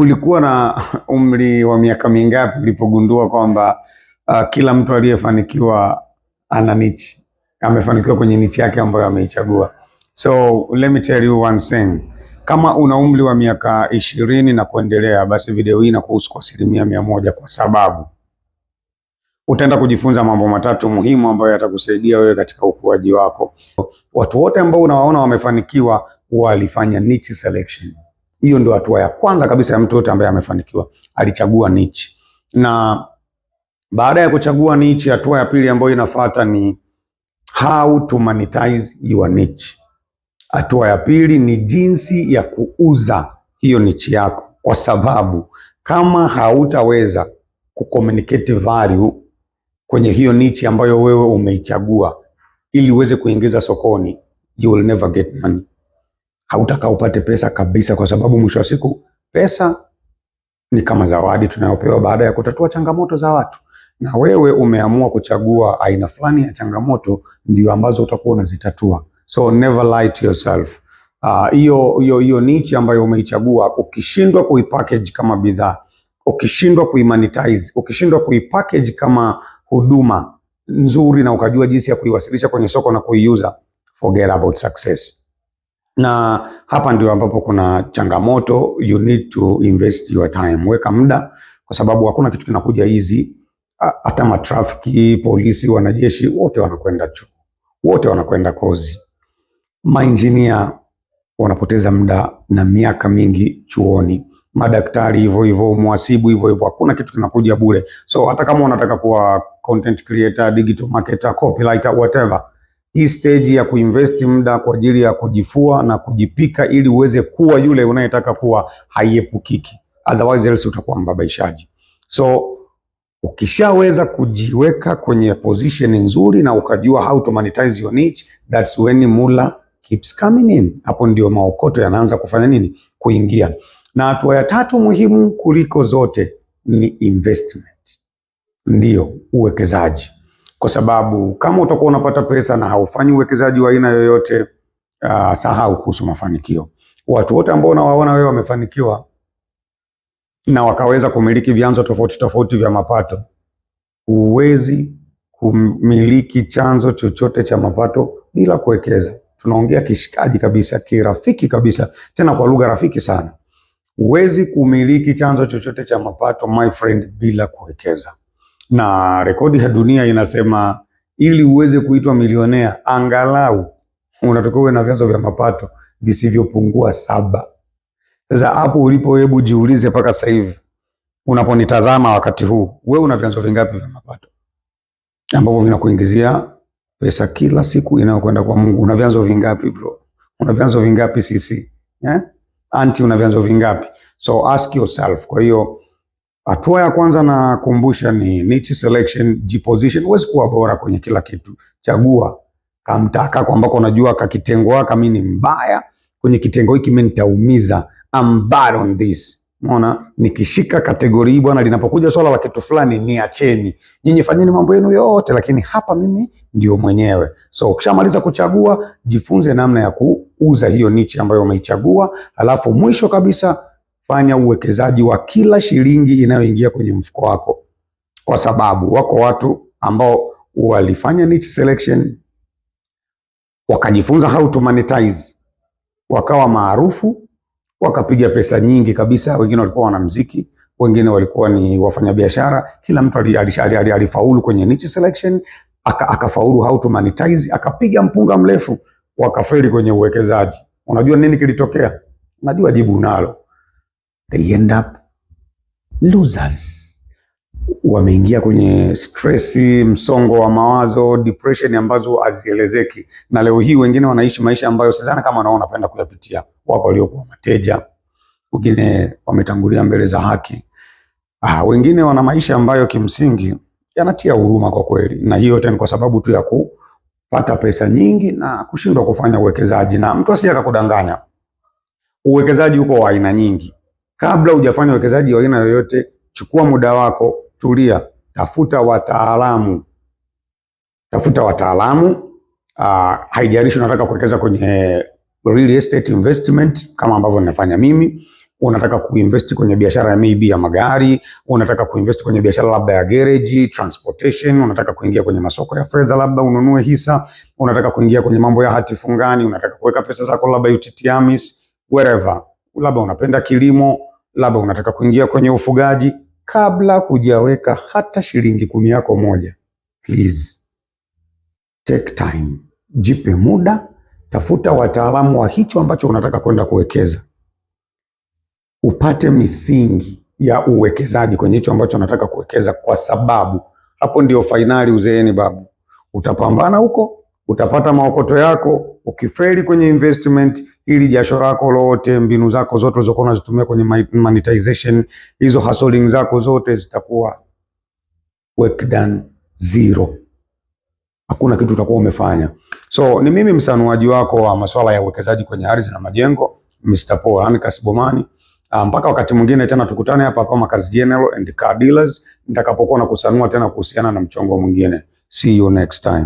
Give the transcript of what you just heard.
Ulikuwa na umri wa miaka mingapi ulipogundua kwamba uh, kila mtu aliyefanikiwa ana nichi, amefanikiwa kwenye nichi yake ambayo ameichagua? So let me tell you one thing, kama una umri wa miaka ishirini na kuendelea, basi video hii inakuhusu kwa asilimia mia moja kwa sababu utaenda kujifunza mambo matatu muhimu ambayo yatakusaidia wewe katika ukuaji wako. Watu wote ambao unawaona wamefanikiwa walifanya niche selection. Hiyo ndio hatua ya kwanza kabisa ya mtu yote ambaye amefanikiwa, alichagua niche. Na baada ya kuchagua niche, hatua ya pili ambayo inafuata ni how to monetize your niche. Hatua ya pili ni jinsi ya kuuza hiyo niche yako, kwa sababu kama hautaweza kucommunicate value kwenye hiyo niche ambayo wewe umeichagua ili uweze kuingiza sokoni, you will never get money hautaka upate pesa kabisa, kwa sababu mwisho wa siku pesa ni kama zawadi tunayopewa baada ya kutatua changamoto za watu, na wewe umeamua kuchagua aina fulani ya changamoto ndio ambazo utakuwa unazitatua. So never lie to yourself. Ah, hiyo uh, hiyo hiyo niche ambayo umeichagua, ukishindwa kuipackage kama bidhaa, ukishindwa kuimonetize, ukishindwa kuipackage kama huduma nzuri na ukajua jinsi ya kuiwasilisha kwenye soko na kuiuza, forget about success na hapa ndio ambapo kuna changamoto. You need to invest your time, weka muda, kwa sababu hakuna kitu kinakuja hizi. Hata matrafiki, polisi, wanajeshi wote wanakwenda chuo, wote wanakwenda kozi. Mainjinia wanapoteza muda na miaka mingi chuoni, madaktari hivyo hivyo, muasibu hivyo hivyo. Hakuna kitu kinakuja bure, so hata kama unataka kuwa content creator, digital marketer, copywriter, whatever hii stage ya kuinvest muda kwa ajili ya kujifua na kujipika ili uweze kuwa yule unayetaka kuwa haiepukiki, otherwise else utakuwa mbabaishaji. So ukishaweza kujiweka kwenye position nzuri na ukajua how to monetize your niche, that's when mula keeps coming in. Hapo ndio maokoto yanaanza kufanya nini? Kuingia. Na hatua ya tatu muhimu kuliko zote ni investment, ndiyo uwekezaji kwa sababu kama utakuwa unapata pesa na haufanyi uwekezaji wa aina yoyote, uh, sahau kuhusu mafanikio. Watu wote ambao unawaona wewe wamefanikiwa na wakaweza kumiliki vyanzo tofauti tofauti vya mapato, huwezi kumiliki chanzo chochote cha mapato bila kuwekeza. Tunaongea kishikaji kabisa, kirafiki kabisa, tena kwa lugha rafiki sana. Huwezi kumiliki chanzo chochote cha mapato my friend, bila kuwekeza na rekodi ya dunia inasema ili uweze kuitwa milionea angalau unatakiwa uwe na vyanzo vya mapato visivyopungua saba. Sasa hapo ulipo, hebu jiulize, mpaka sasa hivi unaponitazama wakati huu, wewe una vyanzo vingapi vya mapato ambavyo vinakuingizia pesa kila siku inayokwenda kwa Mungu? Una vyanzo vingapi bro? Una vyanzo vingapi sisi eh? Anti, una vyanzo vingapi? So ask yourself. Kwa hiyo Hatua ya kwanza na kumbusha ni niche selection, jiposition. Huwezi kuwa bora kwenye kila kitu. Chagua kamtaka kwa ambako unajua kakitengo wako mimi ni mbaya kwenye kitengo hiki, mimi nitaumiza. I'm bad on this. Unaona, nikishika kategori hii bwana, linapokuja swala la kitu fulani niacheni nyinyi, fanyeni mambo yenu yote, lakini hapa mimi ndio mwenyewe. So ukishamaliza kuchagua, jifunze namna ya kuuza hiyo niche ambayo umeichagua, alafu mwisho kabisa fanya uwekezaji wa kila shilingi inayoingia kwenye mfuko wako, kwa sababu wako watu ambao walifanya niche selection wakajifunza how to monetize, wakawa maarufu, wakapiga pesa nyingi kabisa. Wengine walikuwa wanamuziki, wengine walikuwa ni wafanyabiashara. Kila mtu alifaulu kwenye niche selection, akafaulu how to monetize, akapiga mpunga mrefu, wakafeli kwenye uwekezaji. Unajua nini kilitokea? Najua jibu unalo they end up losers. Wameingia kwenye stress, msongo wa mawazo, depression ambazo hazielezeki, na leo hii wengine wanaishi maisha ambayo sidhani kama wanaona wanapenda kuyapitia. Wapo waliokuwa mateja, wengine wametangulia mbele za haki. Ah, wengine wana maisha ambayo kimsingi yanatia huruma kwa kweli, na hiyo yote ni kwa sababu tu ya kupata pesa nyingi na kushindwa kufanya uwekezaji. Na mtu asije akakudanganya, uwekezaji uko wa aina nyingi Kabla hujafanya uwekezaji wa aina yoyote, chukua muda wako, tulia, tafuta wataalamu, tafuta wataalamu. Uh, haijalishi unataka kuwekeza kwenye eh, real estate investment kama ambavyo ninafanya mimi, unataka kuinvest kwenye biashara ya maybe ya magari, unataka kuinvest kwenye biashara labda ya garage, transportation, unataka kuingia kwenye masoko ya fedha, labda ununue hisa, unataka kuingia kwenye mambo ya hati fungani, unataka kuweka pesa zako labda UTT AMIS, wherever, labda unapenda kilimo labda unataka kuingia kwenye ufugaji, kabla kujaweka hata shilingi kumi yako moja, please take time, jipe muda, tafuta wataalamu wa hicho ambacho unataka kwenda kuwekeza, upate misingi ya uwekezaji kwenye hicho ambacho unataka kuwekeza, kwa sababu hapo ndio fainali. Uzeeni babu, utapambana huko, utapata maokoto yako ukifeli kwenye investment, ili jasho lako lote, mbinu zako zote ulizokuwa unazitumia kwenye monetization, hizo hustling zako zote zitakuwa work done zero. Hakuna kitu utakuwa umefanya. So ni mimi msanuaji wako wa masuala ya uwekezaji kwenye ardhi na majengo, Mr. Paul Ankas Bomani. Ah, mpaka wakati mwingine tena tukutane hapa hapa Makazi General and Car Dealers nitakapokuwa na kusanua tena kuhusiana na mchongo mwingine. See you next time.